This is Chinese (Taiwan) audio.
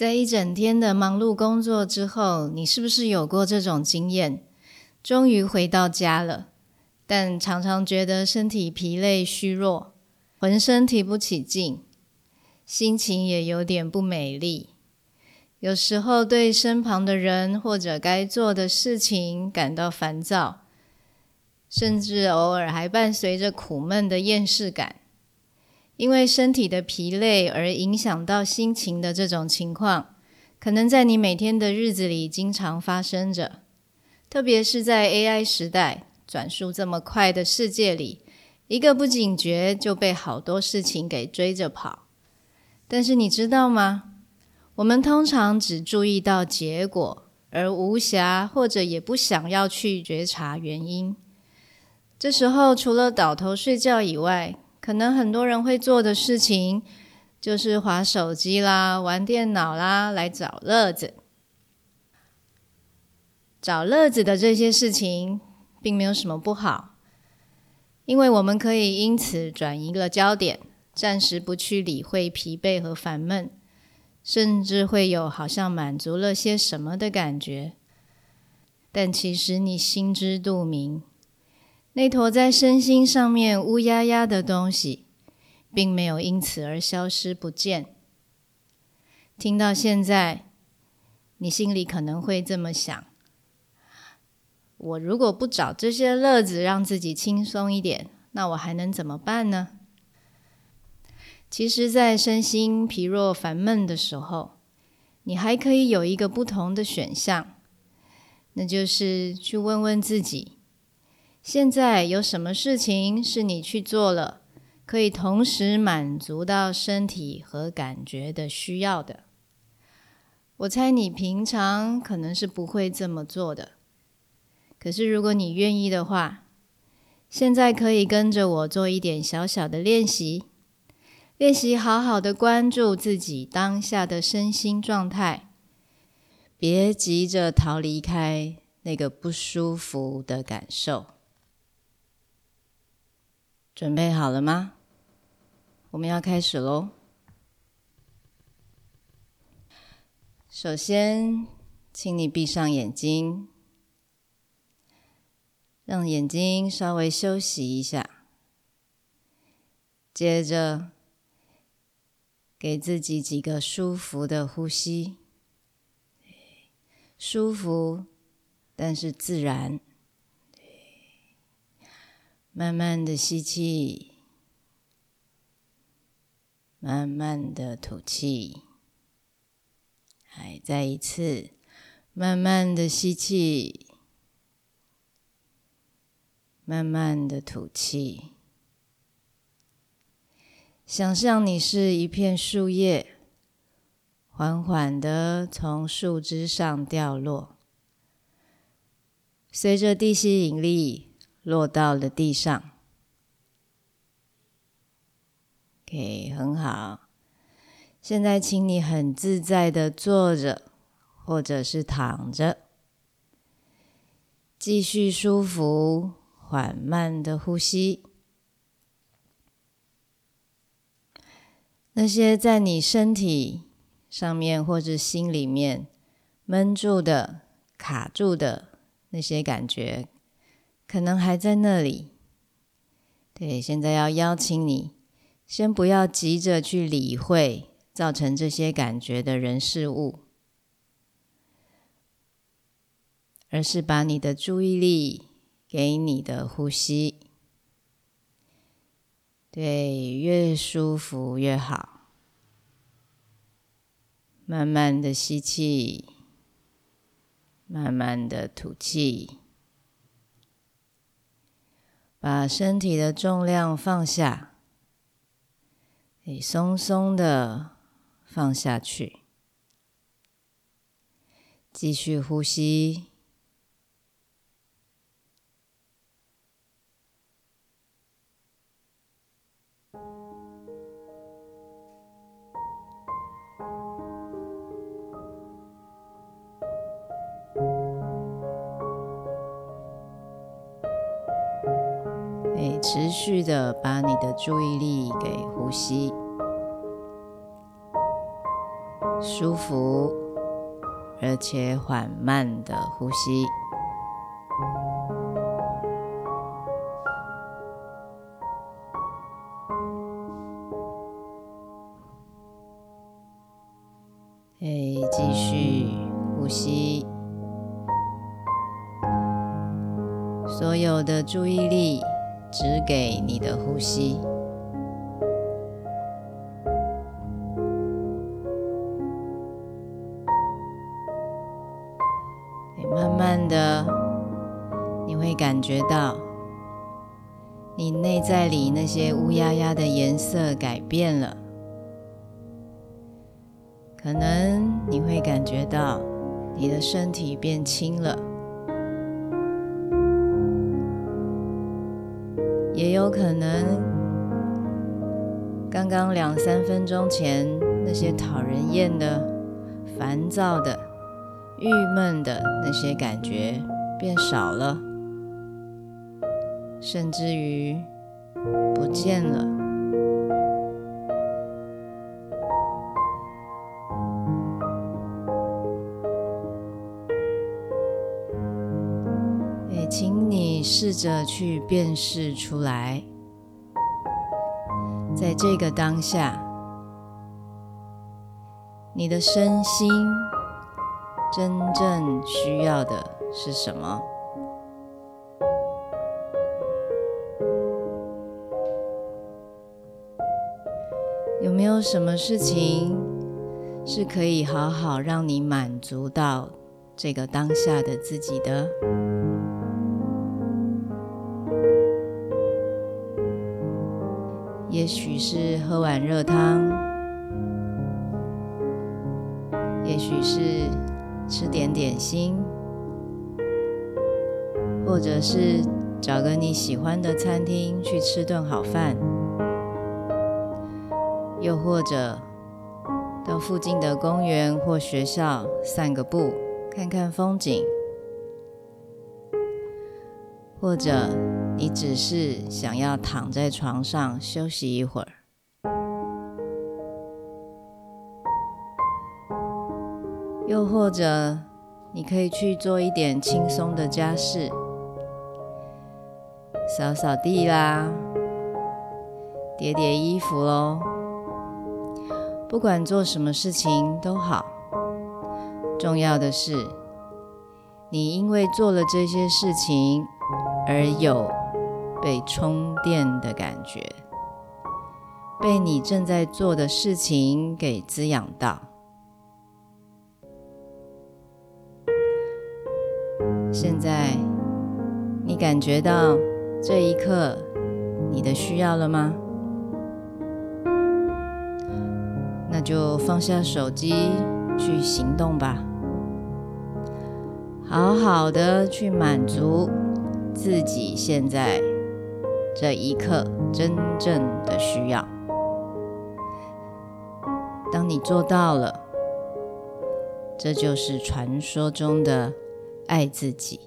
在一整天的忙碌工作之後，你是不是有過這種經驗？終於回到家了，但常常覺得身體疲累、虛弱，渾身提不起勁，心情也有點不美麗。有時候對身旁的人或者該做的事情感到煩躁，甚至偶爾還伴隨着苦悶的厭世感。因為身體的疲累而影響到心情的這種情況，可能在你每天的日子裡經常發生着。特別是在 AI 時代，轉速這麼快的世界裡，一個不警覺就被好多事情給追着跑。但是你知道嗎？我們通常只注意到結果，而無暇或者也不想要去覺察原因。這時候，除了倒頭睡覺以外，可能很多人會做的事情，就是滑手機啦、玩電腦啦，來找樂子。找樂子的這些事情，並沒有什麼不好，因為我們可以因此轉移個焦點，暫時不去理會疲憊和煩悶，甚至會有好像滿足了些什麼的感覺。但其實你心知肚明。那坨在身心上面烏壓壓的東西，並沒有因此而消失不見。聽到現在，你心裡可能會這麼想：我如果不找這些樂子讓自己輕鬆一點，那我還能怎麼辦呢？其實，在身心疲弱煩悶的時候，你還可以有一個不同的選項，那就是去問問自己。現在有什麼事情是你去做了，可以同時滿足到身體和感覺的需要的？我猜你平常可能是不會這麼做的。可是如果你願意的話，現在可以跟着我做一點小小的練習，練習好好的關注自己當下的身心狀態，別急着逃離開那個不舒服的感受。準備好了嗎？我們要開始嘍。首先，請你閉上眼睛，讓眼睛稍微休息一下。接着，給自己幾個舒服的呼吸，舒服，但是自然。慢慢的吸氣，慢慢的吐氣。還，再一次，慢慢的吸氣，慢慢的吐氣。想象你是一片樹葉，緩緩的從樹枝上掉落，隨着地心引力。落到了地上，OK，很好。現在，請你很自在的坐着，或者是躺着，繼續舒服、緩慢的呼吸。那些在你身體上面或者是心裡面悶住的、卡住的那些感覺。可能還在那裡，對。現在要邀請你，先不要急着去理會造成這些感覺的人事物，而是把你的注意力給你的呼吸。對，越舒服越好。慢慢的吸氣，慢慢的吐氣。把身體的重量放下，你鬆鬆的放下去，繼續呼吸。持續的把你的注意力給呼吸，舒服而且緩慢的呼吸，誒，繼續呼吸，所有的注意力。只給你的呼吸，慢慢的，你會感覺到，你內在裡那些烏壓壓的顏色改變了，可能你會感覺到你的身體變輕了。也有可能，剛剛兩三分鐘前那些討人厭的、煩躁的、鬱悶的那些感覺變少了，甚至於不見了。試着去辨識出來，在這個當下，你的身心真正需要的是什麼？有沒有什麼事情是可以好好讓你滿足到這個當下的自己的？也許是喝碗熱湯，也許是吃點點心，或者是找個你喜歡的餐廳去吃頓好飯，又或者到附近的公園或學校散個步，看看風景，或者。你只是想要躺在床上休息一會兒，又或者你可以去做一點輕鬆的家事，掃掃地啦，疊疊衣服哦。不管做什麼事情都好，重要的是你因為做了這些事情而有。被充電的感覺，被你正在做的事情給滋養到。現在，你感覺到這一刻你的需要了嗎？那就放下手機去行動吧。好好的去滿足自己現在。這一刻，真正的需要。當你做到了，這就是傳說中的愛自己。